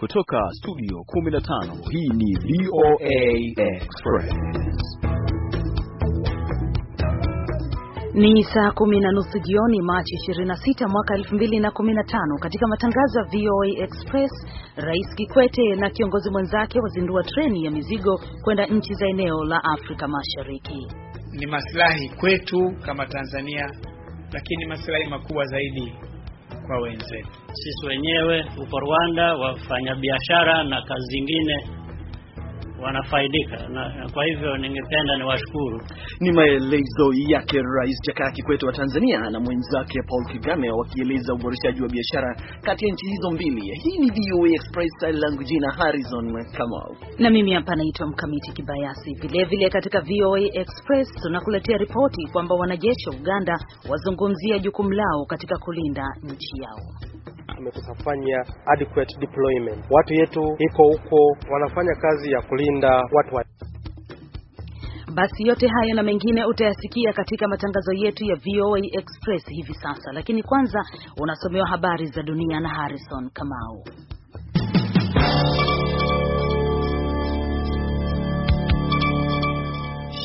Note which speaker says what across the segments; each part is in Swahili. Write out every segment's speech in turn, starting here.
Speaker 1: Kutoka studio 15 hii ni VOA Express.
Speaker 2: Ni saa kumi na nusu jioni Machi 26 mwaka 2015. Katika matangazo ya VOA Express, Rais Kikwete na kiongozi mwenzake wazindua treni ya mizigo kwenda nchi za eneo la Afrika Mashariki.
Speaker 3: Ni maslahi kwetu kama Tanzania, lakini maslahi makubwa zaidi kwa
Speaker 4: wenzetu. Sisi wenyewe huko Rwanda, wafanyabiashara na kazi zingine wanafaidika na, na kwa hivyo ningependa niwashukuru. Ni maelezo
Speaker 1: yake Rais Jakaya Kikwete wa Tanzania na mwenzake Paul Kigame wakieleza uboreshaji wa biashara kati ya nchi hizo mbili. Hii ni VOA Express, langu jina Harrison Kamau,
Speaker 2: na mimi hapa naitwa Mkamiti Kibayasi. Vilevile katika VOA Express tunakuletea ripoti kwamba wanajeshi wa Uganda wazungumzia jukumu lao katika kulinda nchi yao
Speaker 5: tumekutafanya adequate deployment. Watu yetu iko huko wanafanya kazi ya kulinda watu wa
Speaker 2: basi yote hayo na mengine utayasikia katika matangazo yetu ya VOA Express hivi sasa, lakini kwanza unasomewa habari za dunia na Harrison Kamau.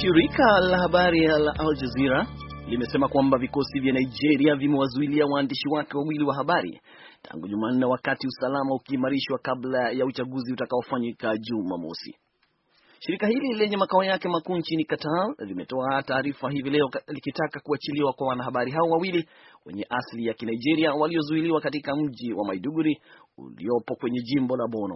Speaker 2: Shirika la habari la
Speaker 1: Al Jazeera limesema kwamba vikosi vya Nigeria vimewazuilia waandishi wake wawili wa habari tangu Jumanne, wakati usalama ukiimarishwa kabla ya uchaguzi utakaofanyika Jumamosi. Shirika hili lenye makao yake makuu nchini Qatar limetoa taarifa hivi leo likitaka kuachiliwa kwa wanahabari hao wawili wenye asili ya Kinigeria waliozuiliwa katika mji wa Maiduguri uliopo kwenye jimbo la Bono.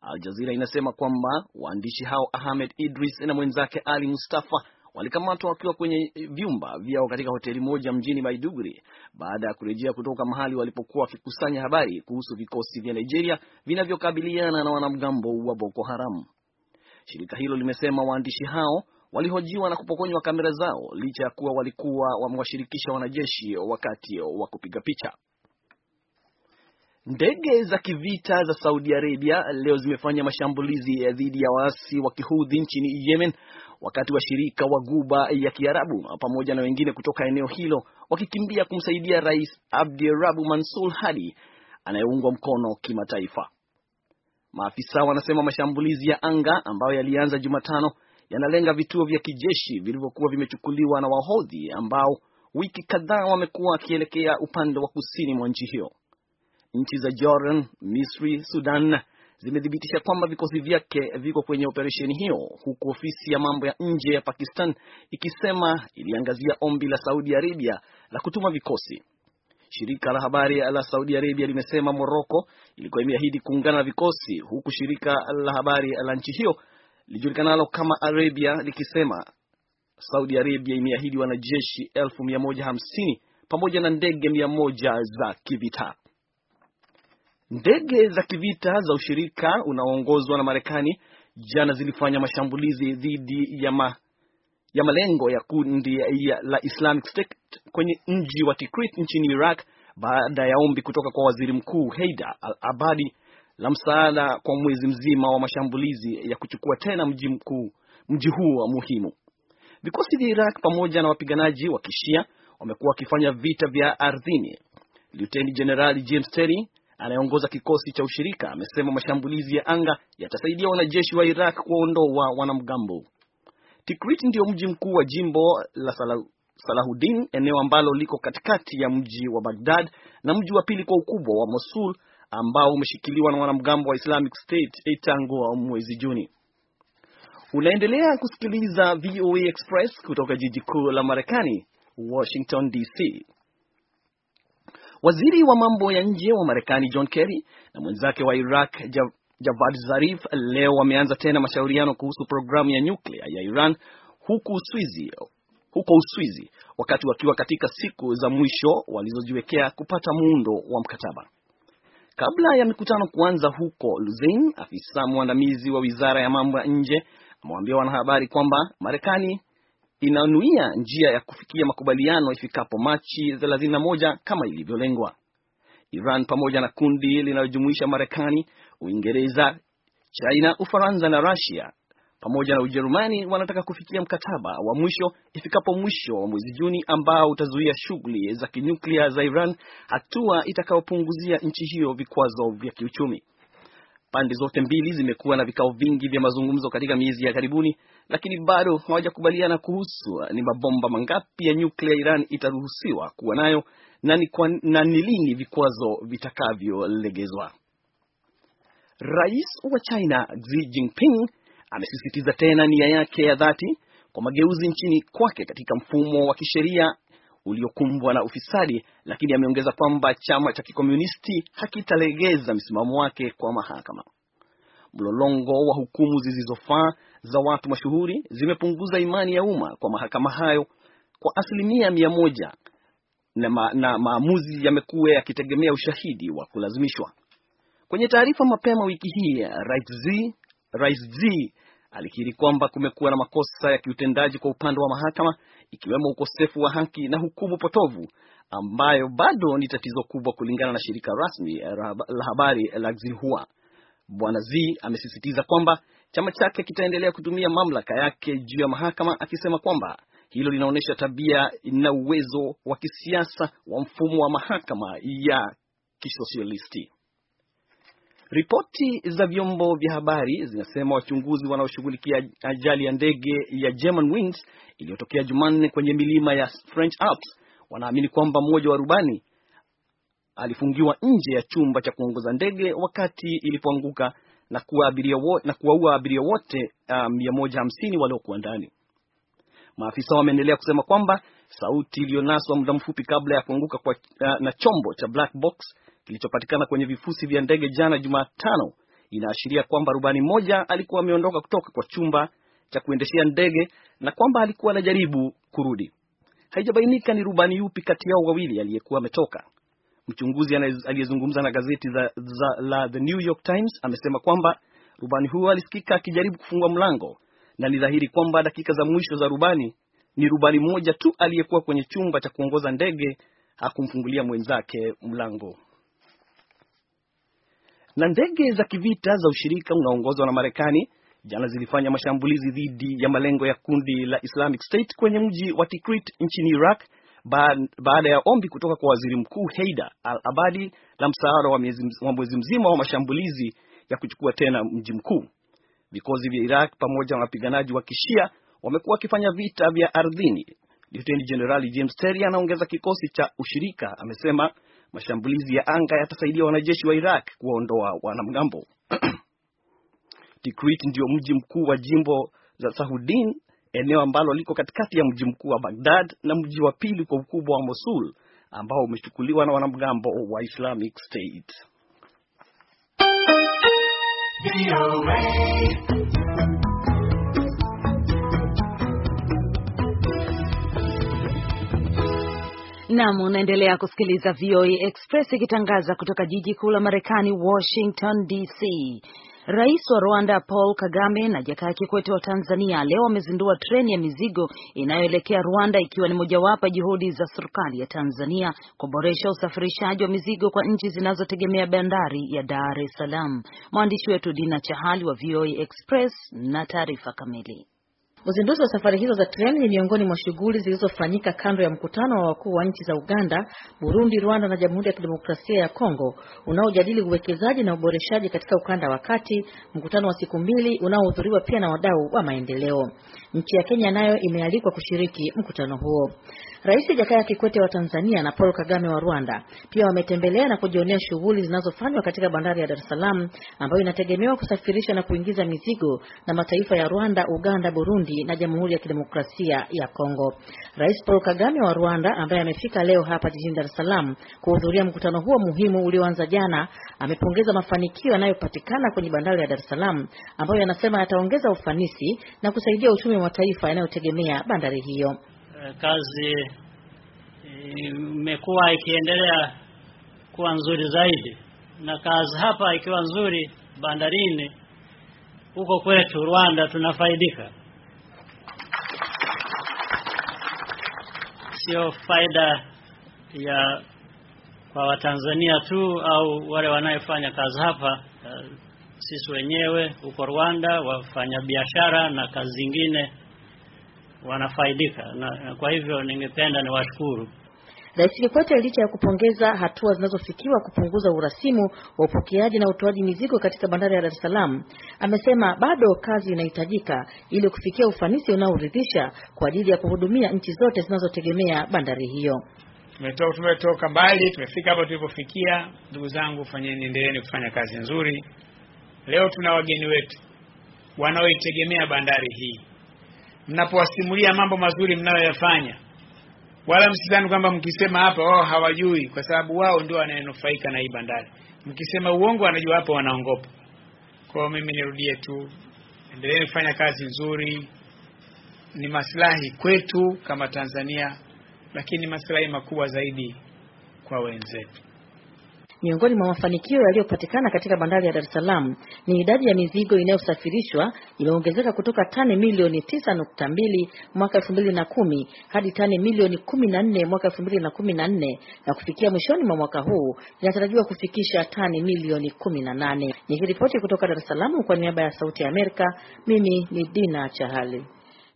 Speaker 1: Al Jazeera inasema kwamba waandishi hao Ahmed Idris na mwenzake Ali Mustafa walikamatwa wakiwa kwenye eh, vyumba vyao katika hoteli moja mjini Maiduguri baada ya kurejea kutoka mahali walipokuwa wakikusanya habari kuhusu vikosi vya Nigeria vinavyokabiliana na wanamgambo wa Boko Haram. Shirika hilo limesema waandishi hao walihojiwa na kupokonywa kamera zao licha ya kuwa walikuwa wamewashirikisha wanajeshi wakati wa kupiga picha. Ndege za kivita za Saudi Arabia leo zimefanya mashambulizi eh, dhidi ya waasi wa kihudhi nchini Yemen wakati washirika wa Guba ya Kiarabu pamoja na wengine kutoka eneo hilo wakikimbia kumsaidia Rais Abdirabu Mansur Hadi anayeungwa mkono kimataifa. Maafisa wanasema mashambulizi ya anga ambayo yalianza Jumatano yanalenga vituo vya kijeshi vilivyokuwa vimechukuliwa na Wahodhi ambao wiki kadhaa wamekuwa wakielekea upande wa kusini mwa nchi hiyo. Nchi za Jordan, Misri, Sudan zimethibitisha kwamba vikosi vyake viko kwenye operesheni hiyo, huku ofisi ya mambo ya nje ya Pakistan ikisema iliangazia ombi la Saudi Arabia la kutuma vikosi. Shirika la habari la Saudi Arabia limesema Moroko ilikuwa imeahidi kuungana na vikosi, huku shirika la habari la nchi hiyo lijulikanalo kama Arabia likisema Saudi Arabia imeahidi wanajeshi elfu mia moja hamsini pamoja na ndege mia moja za kivita. Ndege za kivita za ushirika unaoongozwa na Marekani jana zilifanya mashambulizi dhidi ya, ma, ya malengo ya kundi ya la Islamic State kwenye mji wa Tikrit nchini Iraq baada ya ombi kutoka kwa Waziri Mkuu heida al-Abadi la msaada kwa mwezi mzima wa mashambulizi ya kuchukua tena mji mkuu mji huo muhimu. Vikosi vya Iraq pamoja na wapiganaji wa Kishia wamekuwa wakifanya vita vya ardhini. Luteni Jenerali James Terry anayeongoza kikosi cha ushirika amesema mashambulizi ya anga yatasaidia wanajeshi wa Iraq kuwaondoa wanamgambo. Tikrit ndio mji mkuu wa jimbo la Salahuddin, eneo ambalo liko katikati ya mji wa Baghdad na mji wa pili kwa ukubwa wa Mosul ambao umeshikiliwa na wanamgambo wa Islamic State tangu mwezi Juni. Unaendelea kusikiliza VOA Express kutoka jiji kuu la Marekani, Washington DC. Waziri wa mambo ya nje wa Marekani John Kerry na mwenzake wa Iraq Javad Zarif leo wameanza tena mashauriano kuhusu programu ya nyuklia ya Iran huko Uswizi, huko Uswizi wakati wakiwa katika siku za mwisho walizojiwekea kupata muundo wa mkataba. Kabla ya mikutano kuanza huko Luzin, afisa mwandamizi wa wizara ya mambo ya nje amewaambia wanahabari kwamba Marekani inanuia njia ya kufikia makubaliano ifikapo Machi 31 kama ilivyolengwa. Iran pamoja na kundi linalojumuisha Marekani, Uingereza, China, Ufaransa na Russia pamoja na Ujerumani wanataka kufikia mkataba wa mwisho ifikapo mwisho wa mwezi Juni ambao utazuia shughuli za kinyuklia za Iran, hatua itakayopunguzia nchi hiyo vikwazo vya kiuchumi. Pande zote mbili zimekuwa na vikao vingi vya mazungumzo katika miezi ya karibuni, lakini bado hawajakubaliana kuhusu ni mabomba mangapi ya nyuklia Iran itaruhusiwa kuwa nayo na ni lini vikwazo vitakavyolegezwa. Rais wa China Xi Jinping amesisitiza tena nia yake ya dhati kwa mageuzi nchini kwake katika mfumo wa kisheria uliokumbwa na ufisadi, lakini ameongeza kwamba chama cha kikomunisti hakitalegeza msimamo wake kwa mahakama. Mlolongo wa hukumu zilizofaa za watu mashuhuri zimepunguza imani ya umma kwa mahakama hayo kwa asilimia mia moja na, ma, na maamuzi yamekuwa yakitegemea ushahidi wa kulazimishwa. Kwenye taarifa mapema wiki hii, Rais alikiri kwamba kumekuwa na makosa ya kiutendaji kwa upande wa mahakama ikiwemo ukosefu wa haki na hukumu potovu ambayo bado ni tatizo kubwa kulingana na shirika rasmi la habari la Xinhua. Bwana Z amesisitiza kwamba chama chake kitaendelea kutumia mamlaka yake juu ya mahakama, akisema kwamba hilo linaonyesha tabia na uwezo wa kisiasa wa mfumo wa mahakama ya kisosialisti. Ripoti za vyombo vya habari zinasema wachunguzi wanaoshughulikia ajali ya ndege ya Wings iliyotokea Jumanne kwenye milima ya French Alps wanaamini kwamba mmoja wa rubani alifungiwa nje ya chumba cha kuongoza ndege wakati ilipoanguka na kuwaua abiria wote 150 ah, um, waliokuwa ndani. Maafisa wameendelea kusema kwamba sauti iliyonaswa muda mfupi kabla ya kuanguka kwa, uh, na chombo cha black box kilichopatikana kwenye vifusi vya ndege jana Jumatano inaashiria kwamba rubani mmoja alikuwa ameondoka kutoka kwa chumba cha kuendeshea ndege na kwamba alikuwa anajaribu kurudi. Haijabainika ni rubani yupi kati yao wawili aliyekuwa ametoka. Mchunguzi aliyezungumza na gazeti za, za, la The New York Times amesema kwamba rubani huyo alisikika akijaribu kufungua mlango na ni dhahiri kwamba dakika za mwisho za rubani ni rubani mmoja tu aliyekuwa kwenye chumba cha kuongoza ndege hakumfungulia mwenzake mlango na ndege za kivita za ushirika unaoongozwa na Marekani jana zilifanya mashambulizi dhidi ya malengo ya kundi la Islamic State kwenye mji wa Tikrit nchini Iraq baada ya ombi kutoka kwa Waziri Mkuu heida al-Abadi la msaada wa mwezi mzima wa mashambulizi ya kuchukua tena mji mkuu. Vikosi vya Iraq pamoja na wapiganaji wa Kishia wamekuwa wakifanya vita vya ardhini. Lieutenant General James Terry anaongeza kikosi cha ushirika, amesema Mashambulizi ya anga yatasaidia wanajeshi wa Iraq kuwaondoa wanamgambo. Tikrit ndio mji mkuu wa jimbo za Sahudin, eneo ambalo liko katikati ya mji mkuu wa Baghdad na mji wa pili kwa ukubwa wa Mosul ambao umechukuliwa na wanamgambo wa Islamic State.
Speaker 2: Naam, unaendelea kusikiliza VOA Express ikitangaza kutoka jiji kuu la Marekani, Washington DC. Rais wa Rwanda Paul Kagame na Jakaya Kikwete wa Tanzania leo wamezindua treni ya mizigo inayoelekea Rwanda ikiwa ni mojawapo juhudi za serikali ya Tanzania kuboresha usafirishaji wa mizigo kwa nchi zinazotegemea bandari ya Dar es Salaam. Mwandishi wetu Dina Chahali wa VOA Express na taarifa kamili.
Speaker 6: Uzinduzi wa safari hizo za treni ni miongoni mwa shughuli zilizofanyika kando ya mkutano wa wakuu wa nchi za Uganda, Burundi, Rwanda na Jamhuri ya Kidemokrasia ya Kongo unaojadili uwekezaji na uboreshaji katika ukanda wa kati, mkutano wa siku mbili unaohudhuriwa pia na wadau wa maendeleo. Nchi ya Kenya nayo imealikwa kushiriki mkutano huo. Rais Jakaya Kikwete wa Tanzania na Paul Kagame wa Rwanda pia wametembelea na kujionea shughuli zinazofanywa katika bandari ya Dar es Salaam ambayo inategemewa kusafirisha na kuingiza mizigo na mataifa ya Rwanda, Uganda, Burundi na Jamhuri ya Kidemokrasia ya Kongo. Rais Paul Kagame wa Rwanda ambaye amefika leo hapa jijini Dar es Salaam kuhudhuria mkutano huo muhimu ulioanza jana, amepongeza mafanikio yanayopatikana kwenye bandari ya Dar es Salaam ambayo anasema yataongeza ufanisi na kusaidia uchumi wa mataifa yanayotegemea bandari hiyo.
Speaker 7: Eh,
Speaker 4: kazi eh, imekuwa ikiendelea kuwa nzuri zaidi, na kazi hapa ikiwa nzuri bandarini, huko kwetu Rwanda tunafaidika, sio faida ya kwa Watanzania tu au wale wanayefanya kazi hapa, eh, sisi wenyewe huko Rwanda, wafanyabiashara na kazi zingine wanafaidika na, kwa hivyo ningependa niwashukuru
Speaker 6: Rais Kikwete licha ya kupongeza hatua zinazofikiwa kupunguza urasimu wa upokeaji na utoaji mizigo katika bandari ya Dar es Salaam, amesema bado kazi inahitajika ili kufikia ufanisi unaoridhisha kwa ajili ya kuhudumia nchi zote zinazotegemea bandari hiyo.
Speaker 3: Tumetoka, tumetoka mbali, tumefika hapa tulipofikia. Ndugu zangu, fanyeni, endeleeni kufanya kazi nzuri. Leo tuna wageni wetu wanaoitegemea bandari hii mnapowasimulia mambo mazuri mnayoyafanya, wala msidhani kwamba mkisema hapa wao oh, hawajui, kwa sababu wao ndio wanayenufaika na hii bandari. Mkisema uongo, wanajua hapa, wanaongopa. kwao mimi nirudie tu, endeleni kufanya kazi nzuri, ni masilahi kwetu kama Tanzania, lakini masilahi makubwa zaidi kwa wenzetu.
Speaker 6: Miongoni mwa mafanikio yaliyopatikana katika bandari ya Dar es Salaam ni idadi ya mizigo inayosafirishwa imeongezeka kutoka tani milioni 9.2 mwaka 2010 hadi tani milioni 14 mwaka 2014 na kufikia mwishoni mwa mwaka huu inatarajiwa kufikisha tani milioni 18. Nikiripoti kutoka Dar es Salaam kwa niaba ya Sauti ya Amerika,
Speaker 2: mimi ni Dina Chahali.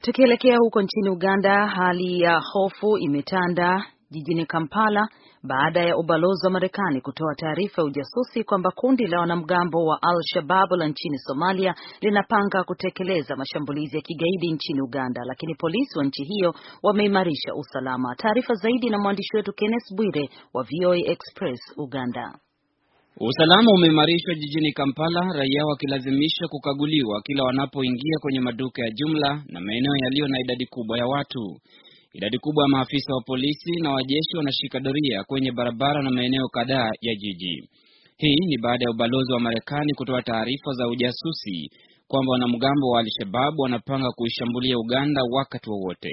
Speaker 2: Tukielekea huko nchini Uganda, hali ya hofu imetanda jijini Kampala baada ya ubalozi wa Marekani kutoa taarifa ya ujasusi kwamba kundi la wanamgambo wa al shabaab la nchini Somalia linapanga kutekeleza mashambulizi ya kigaidi nchini Uganda, lakini polisi wa nchi hiyo wameimarisha usalama. Taarifa zaidi na mwandishi wetu Kenneth Bwire wa VOA Express Uganda.
Speaker 3: Usalama umeimarishwa jijini Kampala, raia wakilazimisha kukaguliwa kila wanapoingia kwenye maduka ya jumla na maeneo yaliyo na idadi kubwa ya watu. Idadi kubwa ya maafisa wa polisi na wajeshi wanashika doria kwenye barabara na maeneo kadhaa ya jiji. Hii ni baada ya ubalozi wa Marekani kutoa taarifa za ujasusi kwamba wanamgambo wa al wanapanga kuishambulia Uganda wakati wowote.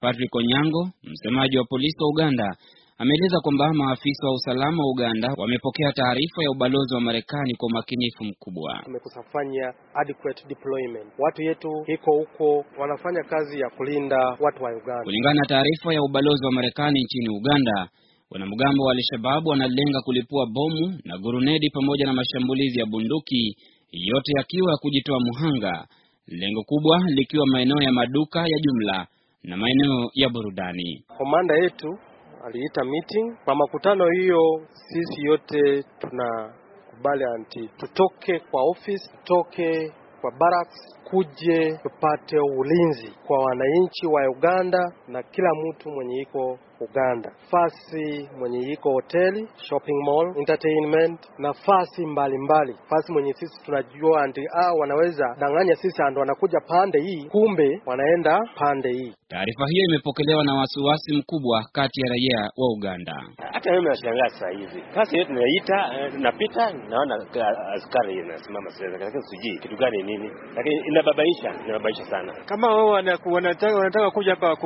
Speaker 3: Patrick Onyango, msemaji wa polisi wa Uganda, ameeleza kwamba maafisa wa usalama wa Uganda wamepokea taarifa ya ubalozi wa Marekani kwa umakinifu mkubwa.
Speaker 5: Tumekusafanya adequate deployment, watu yetu iko huko wanafanya kazi ya kulinda watu wa Uganda. Kulingana na
Speaker 3: taarifa ya ubalozi wa Marekani nchini Uganda, wanamgambo wa Alshababu wanalenga kulipua bomu na gurunedi pamoja na mashambulizi ya bunduki, yote yakiwa ya kujitoa muhanga, lengo kubwa likiwa maeneo ya maduka ya jumla na maeneo ya burudani.
Speaker 5: Komanda yetu aliita meeting. Kwa makutano hiyo, sisi yote tunakubali anti tutoke kwa office, tutoke kwa barracks tuje tupate ulinzi kwa wananchi wa Uganda na kila mtu mwenye iko Uganda, fasi mwenye iko hoteli, shopping mall, entertainment na fasi mbalimbali, fasi mwenye sisi tunajua andi ah, wanaweza danganya sisi ando wanakuja pande hii, kumbe wanaenda pande hii.
Speaker 3: Taarifa hiyo imepokelewa na wasiwasi mkubwa kati ya raia wa Uganda.
Speaker 5: Hata mimi nashangaa eh, sasa hivi kasi hiyo tunaita, napita naona askari inasimama, sijui kitu gani nini, lakini inababaisha, inababaisha sana. Kama wao wanataka, wanataka kuja hapa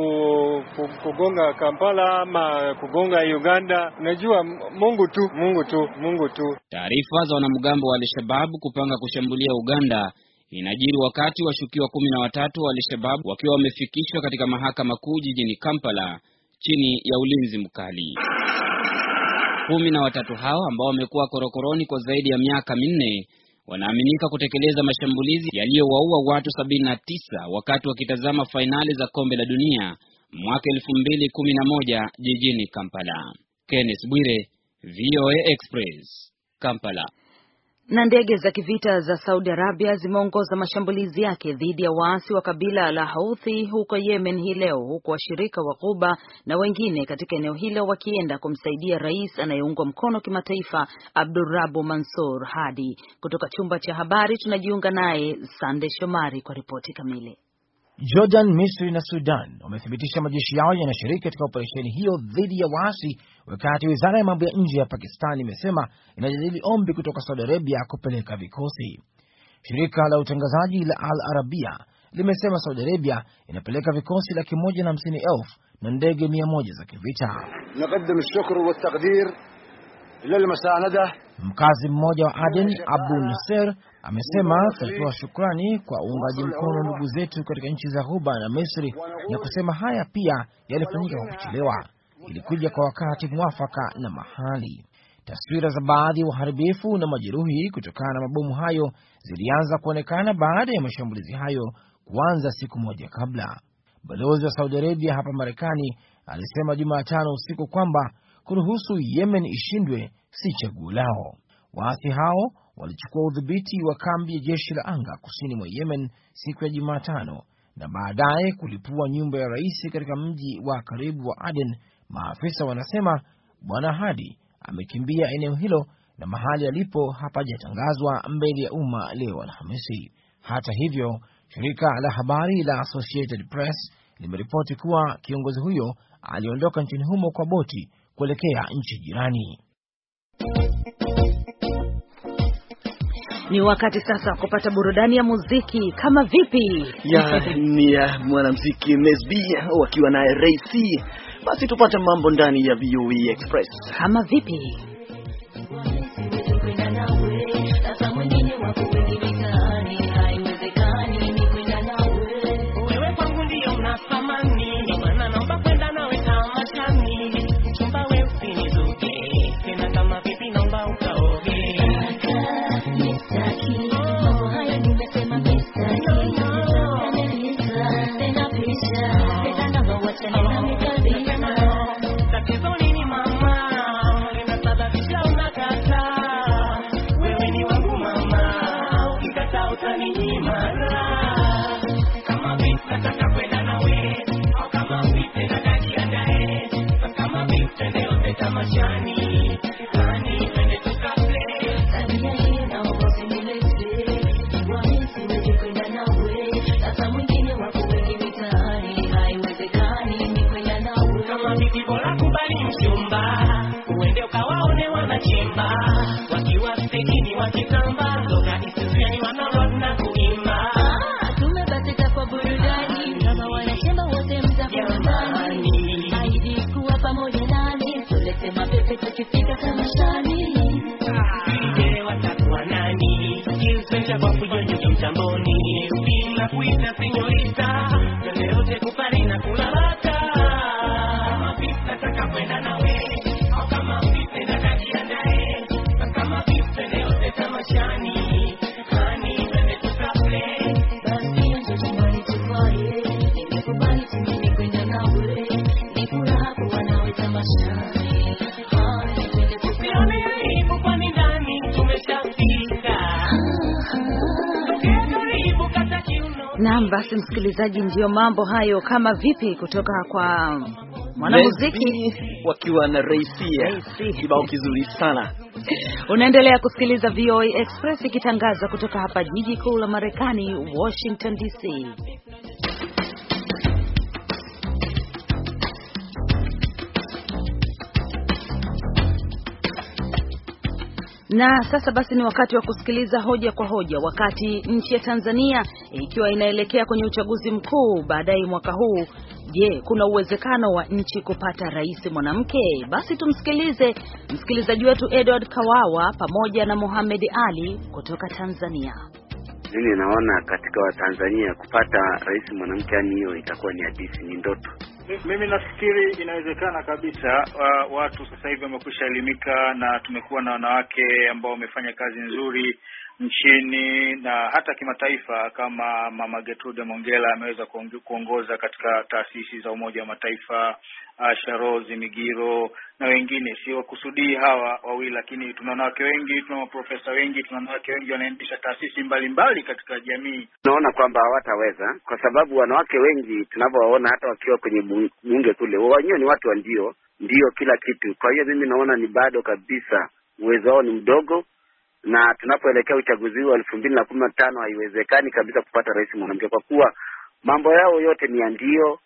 Speaker 5: kugonga Kampala ama kugonga Uganda, unajua Mungu tu, Mungu tu, Mungu tu.
Speaker 3: Taarifa za wanamgambo wa al kupanga kushambulia Uganda inajiri wakati washukiwa kumi na watatu wa al wakiwa wamefikishwa katika mahakama kuu jijini Kampala chini ya ulinzi mkali. Kumi na watatu hao ambao wamekuwa korokoroni kwa zaidi ya miaka minne wanaaminika kutekeleza mashambulizi yaliyowaua watu 79 wakati wakitazama fainali za kombe la dunia mwaka moja jijini Kampala. kennes Bwire, VOA Express, Kampala.
Speaker 2: Na ndege za kivita za Saudi Arabia zimeongoza mashambulizi yake dhidi ya waasi wa kabila la Houthi huko Yemen hii leo, huku washirika wa Ghuba na wengine katika eneo hilo wakienda kumsaidia rais anayeungwa mkono kimataifa Abdurabu Mansur Hadi. Kutoka chumba cha habari tunajiunga naye Sande Shomari kwa ripoti kamili.
Speaker 8: Jordan, Misri na Sudan wamethibitisha majeshi yao yanashiriki katika operesheni hiyo dhidi ya waasi, wakati wizara ya mambo ya nje ya Pakistan imesema inajadili ombi kutoka Saudi Arabia kupeleka vikosi. Shirika la utangazaji la Al Arabia limesema Saudi Arabia inapeleka vikosi laki moja na hamsini elfu na ndege mia moja za kivita.
Speaker 4: naqaddam shukru wa taqdir lil
Speaker 8: Mkazi mmoja wa Aden, Abu Nasser, Amesema tunatoa shukrani kwa uungaji mkono ndugu zetu katika nchi za Ghuba na Misri, na kusema haya pia yalifanyika kwa kuchelewa, ilikuja kwa wakati mwafaka na mahali. Taswira za baadhi ya uharibifu na majeruhi kutokana na mabomu hayo zilianza kuonekana baada ya mashambulizi hayo kuanza siku moja kabla. Balozi wa Saudi Arabia hapa Marekani alisema Jumatano usiku kwamba kuruhusu Yemen ishindwe si chaguo lao. Waasi hao walichukua udhibiti wa kambi ya jeshi la anga kusini mwa Yemen siku ya Jumatano na baadaye kulipua nyumba ya rais katika mji wa karibu wa Aden. Maafisa wanasema Bwana Hadi amekimbia eneo hilo na mahali alipo hapajatangazwa mbele ya umma leo Alhamisi. Hata hivyo, shirika la habari la Associated Press limeripoti kuwa kiongozi huyo aliondoka nchini humo kwa boti kuelekea nchi jirani.
Speaker 2: Ni wakati sasa wa kupata burudani ya muziki kama vipi ya
Speaker 1: ni ya mwanamuziki Nesb wakiwa oh, naye RAC. Basi tupate mambo ndani ya VOE Express kama vipi
Speaker 7: kwa fujo mtamboni kuita senyorita
Speaker 2: Naam, basi msikilizaji, ndiyo mambo hayo. Kama vipi kutoka kwa
Speaker 1: mwanamuziki wakiwa na Raisia, kibao kizuri sana.
Speaker 2: Unaendelea kusikiliza VOA Express ikitangaza kutoka hapa jiji kuu la Marekani, Washington DC. Na sasa basi ni wakati wa kusikiliza hoja kwa hoja. Wakati nchi ya Tanzania ikiwa inaelekea kwenye uchaguzi mkuu baadaye mwaka huu, je, kuna uwezekano wa nchi kupata rais mwanamke? Basi tumsikilize msikilizaji wetu Edward Kawawa pamoja na Mohamed Ali kutoka Tanzania.
Speaker 4: Mimi naona katika Watanzania kupata rais mwanamke, yani hiyo itakuwa ni hadithi, ni ndoto
Speaker 9: mimi nafikiri inawezekana kabisa. wa, uh, watu sasa hivi wamekwisha elimika na tumekuwa na wanawake ambao wamefanya kazi nzuri nchini na hata kimataifa, kama Mama Gertrude Mongela ameweza kuongoza katika taasisi za Umoja wa Mataifa, Asha Rose Migiro na wengine. Si wakusudii hawa wawili, lakini tuna wanawake wengi, tuna maprofesa wengi, tuna wanawake wengi wanaendesha taasisi mbalimbali mbali katika jamii.
Speaker 4: Tunaona kwamba hawataweza kwa sababu wanawake wengi tunavyowaona, hata wakiwa kwenye bunge kule, wenyewe ni watu wa ndio ndio kila kitu. Kwa hiyo mimi naona ni bado kabisa uwezo wao ni mdogo na tunapoelekea uchaguzi huu wa elfu mbili na kumi na tano haiwezekani kabisa kupata rais mwanamke kwa kuwa mambo yao yote ni ya ndio,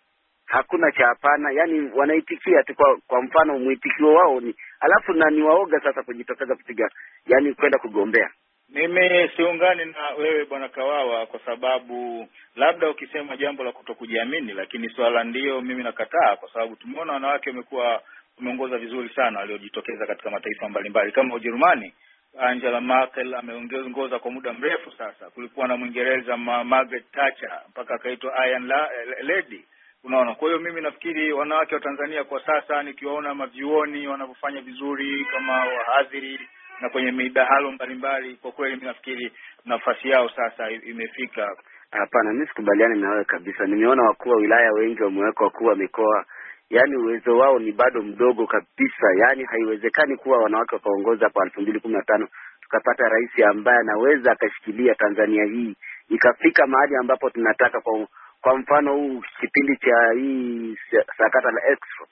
Speaker 4: hakuna cha hapana. Yani wanaitikia tu kwa, kwa mfano mwitikio wao ni alafu na ni waoga sasa kujitokeza kupiga, yani kwenda kugombea.
Speaker 9: Mimi siungani na wewe bwana Kawawa, kwa sababu labda ukisema jambo la kutokujiamini, lakini swala ndio mimi nakataa, kwa sababu tumeona wanawake wamekuwa wameongoza vizuri sana, waliojitokeza katika mataifa mbalimbali kama Ujerumani Angela Merkel ameongoza kwa muda mrefu sasa. Kulikuwa na Mwingereza ma Margaret Thatcher mpaka akaitwa Iron la Lady, unaona. Kwa hiyo mimi nafikiri wanawake wa Tanzania kwa sasa, nikiwaona mavyuoni wanavyofanya vizuri kama wahadhiri na kwenye midahalo mbalimbali, kwa kweli mimi nafikiri nafasi yao sasa imefika.
Speaker 4: Hapana, mimi sikubaliani na wewe kabisa. Nimeona wakuu wa wilaya wengi wamewekwa, wakuu wa mikoa yani uwezo wao ni bado mdogo kabisa, yani haiwezekani kuwa wanawake wakaongoza kwa elfu mbili kumi na tano tukapata rais ambaye anaweza akashikilia Tanzania hii ikafika mahali ambapo tunataka. Kwa, kwa mfano huu kipindi cha hii sakata la Expo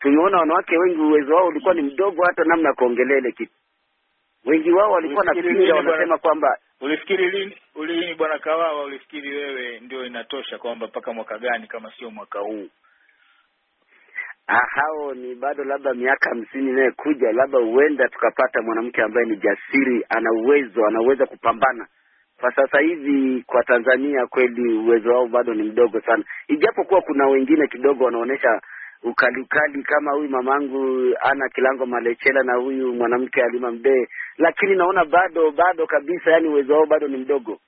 Speaker 4: tumeona wanawake wengi uwezo wao ulikuwa ni mdogo, hata namna ya kuongelea ile kitu. Wengi wao walikuwa napiga wanasema kwamba
Speaker 9: ulifikiri lini, ulini bwana Kawawa, ulifikiri wewe ndio inatosha kwamba mpaka mwaka gani kama sio mwaka huu
Speaker 4: Ah, hao ni bado labda miaka hamsini inayokuja, labda huenda tukapata mwanamke ambaye ni jasiri, ana uwezo, anaweza kupambana. Kwa sasa hivi kwa Tanzania kweli uwezo wao bado ni mdogo sana, ijapokuwa kuna wengine kidogo wanaonyesha ukali ukali, kama huyu mamangu ana Kilango Malechela na huyu mwanamke alima Mdee, lakini naona bado bado kabisa, yani uwezo wao bado ni mdogo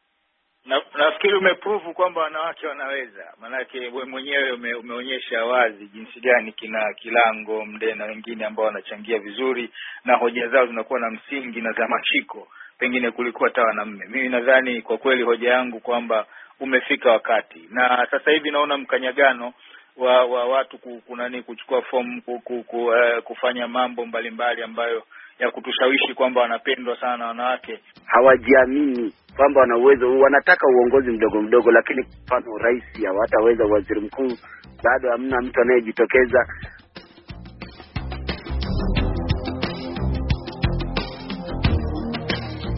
Speaker 9: na nafikiri umeprove kwamba wanawake wanaweza, maanake we mwenyewe ume, umeonyesha wazi jinsi gani kina Kilango, mde na wengine ambao wanachangia vizuri na hoja zao zinakuwa na msingi na za machiko pengine kuliko hata wanamume Mimi nadhani kwa kweli hoja yangu kwamba umefika wakati, na sasa hivi naona mkanyagano wa, wa watu kunani kuchukua fomu kuku, kuku, uh, eh, kufanya mambo mbalimbali mbali ambayo ya kutushawishi kwamba wanapendwa sana wanawake,
Speaker 4: hawajiamini kwamba wana uwezo, wanataka uongozi mdogo mdogo, lakini mfano rais hawataweza, waziri mkuu bado hamna mtu anayejitokeza.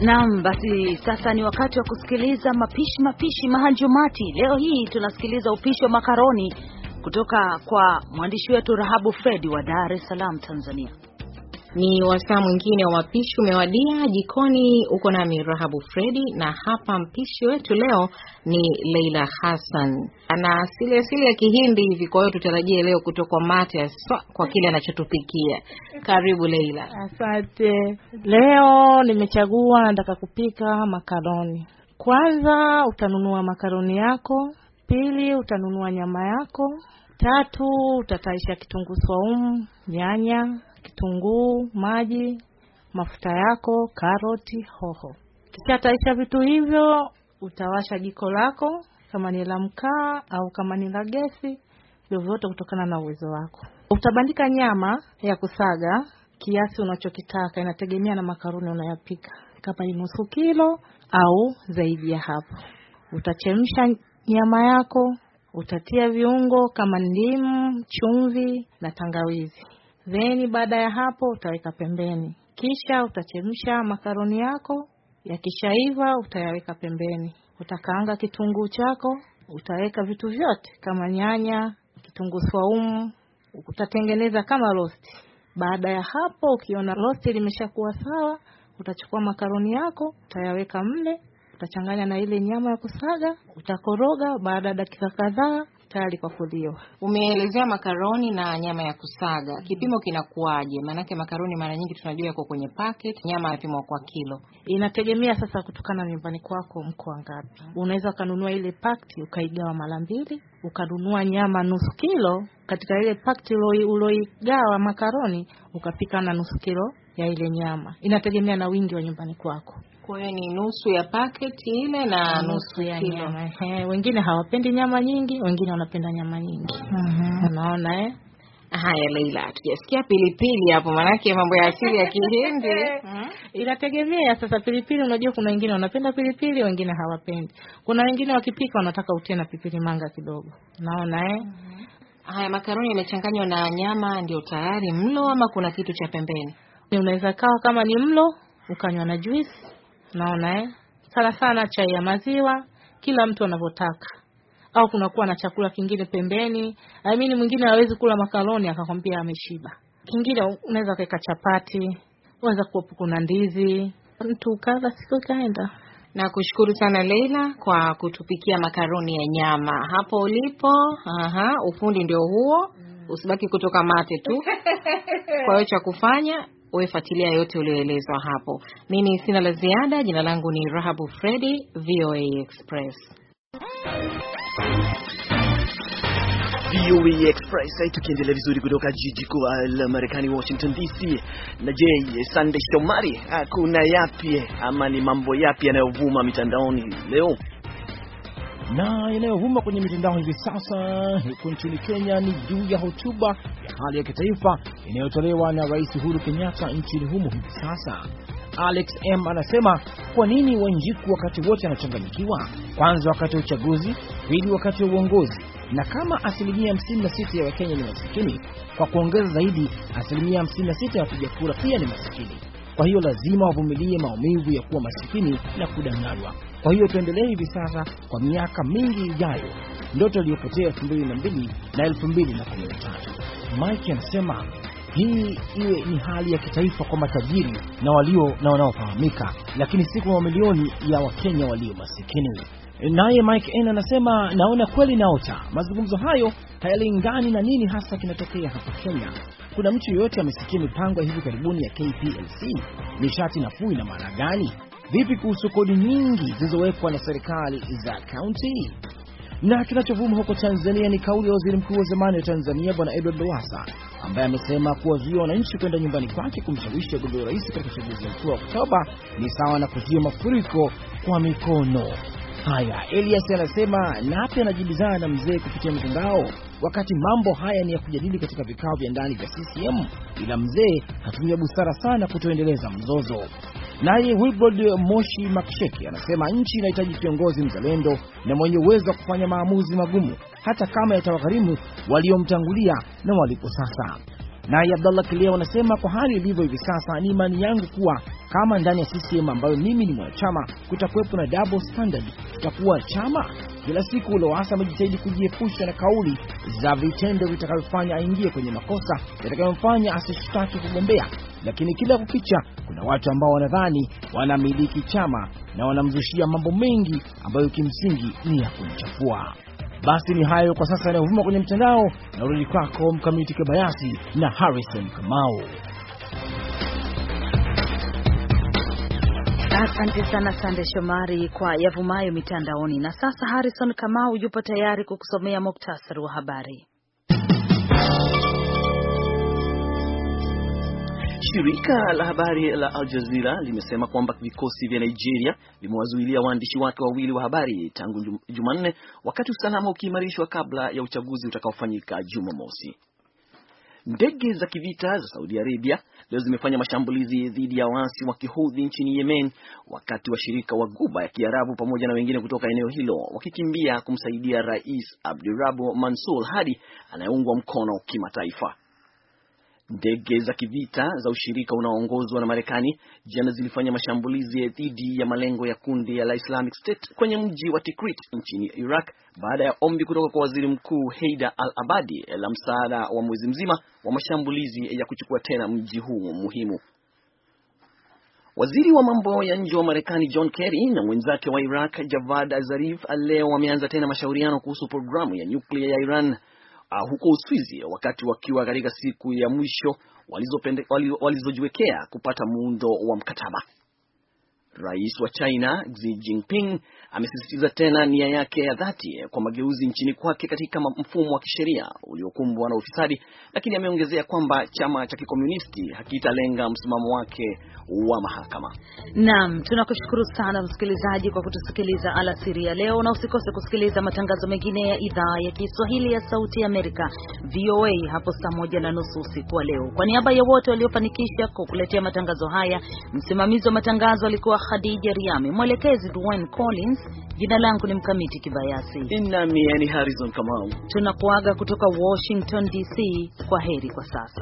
Speaker 2: Naam, basi sasa ni wakati wa kusikiliza mapishi mapishi mahanjumati. Leo hii tunasikiliza upishi wa makaroni kutoka kwa mwandishi wetu Rahabu Fredi wa Dar es Salaam, Tanzania.
Speaker 10: Ni wasaa mwingine wa mapishi umewadia. Jikoni uko nami Rahabu Fredi, na hapa mpishi wetu leo ni Leila Hassan, ana asili asili ya Kihindi hivi, kwa hiyo tutarajie leo kutoka mate
Speaker 6: Matias kwa kile anachotupikia. Karibu Leila.
Speaker 10: Asante. Leo nimechagua, nataka kupika makaroni. Kwanza utanunua makaroni yako, pili utanunua nyama yako Tatu, utatayarisha kitunguu swaumu, nyanya, kitunguu maji, mafuta yako, karoti, hoho. kishataisha vitu hivyo, utawasha jiko lako, kama ni la mkaa au kama ni la gesi, vyovyote kutokana na uwezo wako. Utabandika nyama ya kusaga kiasi unachokitaka, inategemea na makaroni unayopika, kama ni nusu kilo au zaidi ya hapo. Utachemsha nyama yako Utatia viungo kama ndimu, chumvi na tangawizi. Then baada ya hapo utaweka pembeni, kisha utachemsha makaroni yako. Yakishaiva utayaweka pembeni. Utakaanga kitunguu chako, utaweka vitu vyote kama nyanya, kitunguu swaumu, utatengeneza kama roast. Baada ya hapo, ukiona roast limeshakuwa sawa, utachukua makaroni yako utayaweka mle utachanganya na ile nyama ya kusaga, utakoroga. Baada ya dakika kadhaa tayari kwa kuliwa. Umeelezea makaroni na nyama ya kusaga, kipimo kinakuwaje? Maanake makaroni mara nyingi tunajua yako kwenye packet, nyama yapimwa kwa kilo. Inategemea sasa kutokana na nyumbani kwako mko wangapi. Unaweza ukanunua ile pakti ukaigawa mara mbili, ukanunua nyama nusu kilo katika ile pakti uloigawa makaroni ukapika na nusu kilo ya ile nyama, inategemea na wingi wa nyumbani kwako. Kwa hiyo ni nusu ya paketi ile na nusu ya kilo. Nyama. He, wengine hawapendi nyama nyingi, wengine wanapenda nyama nyingi. Uh-huh. Unaona eh? Haya Leila, tujasikia pilipili hapo, maanake mambo ya asili ya Kihindi hmm? Inategemea sasa pilipili. Unajua, kuna wengine wanapenda pilipili, wengine hawapendi. Kuna wengine wakipika wanataka utie na pilipili manga kidogo, naona eh? mm -hmm. Haya, makaroni yamechanganywa na nyama, ndio tayari mlo ama kuna kitu cha pembeni? ni unaweza kawa kama ni mlo ukanywa na juisi, naona eh, sana sana chai ya maziwa, kila mtu anavyotaka au kunakuwa na chakula kingine pembeni. I mean mwingine hawezi kula makaroni akakwambia ameshiba. Kingine unaweza kuweka chapati, unaweza kuwapo kuna ndizi, mtu ukala siku kaenda. Na kushukuru sana Leila kwa kutupikia makaroni ya nyama hapo ulipo. Aha, ufundi ndio huo, mm. usibaki kutoka mate tu. Kwa hiyo cha kufanya wewe yote ulioelezwa hapo. Mimi sina la ziada. Jina langu ni Rahabu Fredi, VOA Express.
Speaker 1: VOA Express tukiendelea vizuri kutoka jiji kuu la Marekani Washington DC. Na je, Sunday Shomari, ah, kuna yapi ama ni mambo yapi yanayovuma mitandaoni leo?
Speaker 8: na yanayovuma kwenye mitandao hivi sasa huko nchini Kenya ni juu ya hotuba ya hali ya kitaifa inayotolewa na Rais Uhuru Kenyatta nchini humo hivi sasa. Alex M anasema kwa nini Wanjiku wakati wote anachanganyikiwa? Kwanza wakati wa uchaguzi, pili wakati wa uongozi, na kama asilimia 56 ya Wakenya ni masikini, kwa kuongeza zaidi asilimia 56 ya wapiga kura pia ni masikini kwa hiyo lazima wavumilie maumivu ya kuwa masikini na kudanganywa. Kwa hiyo tuendelee hivi sasa kwa miaka mingi ijayo, ndoto iliyopotea elfu mbili na mbili na elfu mbili na kumi na tatu. Mike anasema hii iwe ni hali ya kitaifa kwa matajiri na walio na wanaofahamika, lakini si kwa mamilioni ya Wakenya walio masikini. Naye Mike N anasema naona kweli naota. Mazungumzo hayo hayalingani na nini hasa kinatokea hapa Kenya. Kuna mtu yeyote amesikia mipango ya hivi karibuni ya KPLC? Nishati nafuu ina maana gani? Vipi kuhusu kodi nyingi zilizowekwa na serikali za kaunti? Na kinachovuma huko Tanzania ni kauli ya waziri mkuu wa zamani wa Tanzania Bwana Edward Lowassa ambaye amesema kuwazuia wananchi kwenda nyumbani kwake kumshawishi agombea urais katika uchaguzi mkuu wa Oktoba ni sawa na kuzuia mafuriko kwa mikono. Haya, Elias anasema na anajibizana na mzee kupitia mtandao, wakati mambo haya ni ya kujadili katika vikao vya ndani vya CCM, ila mzee hatumia busara sana kutoendeleza mzozo. Naye Wilbrod Moshi Maksheki anasema nchi inahitaji kiongozi mzalendo na mwenye uwezo wa kufanya maamuzi magumu, hata kama yatawagharimu waliomtangulia na walipo sasa. Naye Abdallah Kilea wanasema kwa hali ilivyo hivi sasa, ni imani yangu kuwa kama ndani ya CCM ambayo mimi ni mwanachama kutakuwepo na double standard, tutakuwa chama kila siku. Lowasa amejitahidi kujiepusha na kauli za vitendo vitakavyofanya aingie kwenye makosa yatakayomfanya asishtaki kugombea, lakini kila kukicha kuna watu ambao wanadhani wanamiliki chama na wanamzushia mambo mengi ambayo kimsingi ni ya kumchafua. Basi ni hayo kwa sasa yanayovuma kwenye mtandao, na urudi kwako Mkamiti Kibayasi na Harrison Kamau.
Speaker 2: Asante sana Sande Shomari kwa yavumayo mitandaoni. Na sasa Harrison Kamau yupo tayari kukusomea muktasari wa habari.
Speaker 1: Shirika la habari la Al Jazeera limesema kwamba vikosi vya Nigeria vimewazuilia waandishi wake wawili wa habari tangu Jumanne, wakati usalama ukiimarishwa kabla ya uchaguzi utakaofanyika Jumamosi. Ndege za kivita za Saudi Arabia leo zimefanya mashambulizi dhidi ya waasi wa kihudhi nchini Yemen, wakati washirika wa Guba ya Kiarabu pamoja na wengine kutoka eneo hilo wakikimbia kumsaidia Rais Abdurabu Mansur Hadi anayeungwa mkono kimataifa. Ndege za kivita za ushirika unaoongozwa na Marekani jana zilifanya mashambulizi dhidi ya malengo ya kundi la Islamic State kwenye mji wa Tikrit nchini Iraq baada ya ombi kutoka kwa Waziri Mkuu heida al-Abadi la msaada wa mwezi mzima wa mashambulizi ya kuchukua tena mji huu muhimu. Waziri wa mambo ya nje wa Marekani John Kerry na mwenzake wa Iraq Javad Zarif leo wameanza tena mashauriano kuhusu programu ya nyuklia ya Iran uh, huko Uswizi wakati wakiwa katika siku ya mwisho walizojiwekea walizo kupata muundo wa mkataba. Rais wa China Xi Jinping amesisitiza tena nia yake ya dhati kwa mageuzi nchini kwake katika mfumo wa kisheria uliokumbwa na ufisadi, lakini ameongezea kwamba chama cha kikomunisti hakitalenga msimamo wake wa mahakama.
Speaker 2: Naam, tunakushukuru sana msikilizaji kwa kutusikiliza alasiri ya leo, na usikose kusikiliza matangazo mengine ya idhaa ya Kiswahili ya Sauti ya Amerika VOA hapo saa moja na nusu usiku wa leo. Kwa niaba ya wote waliofanikisha kukuletea matangazo haya, msimamizi wa matangazo alikuwa Khadija Riami, mwelekezi Dwayne Collins. Jina langu ni Mkamiti Kibayasi, nami ni Harrison Kamau. Tunakuaga kutoka Washington DC. Kwa heri kwa sasa.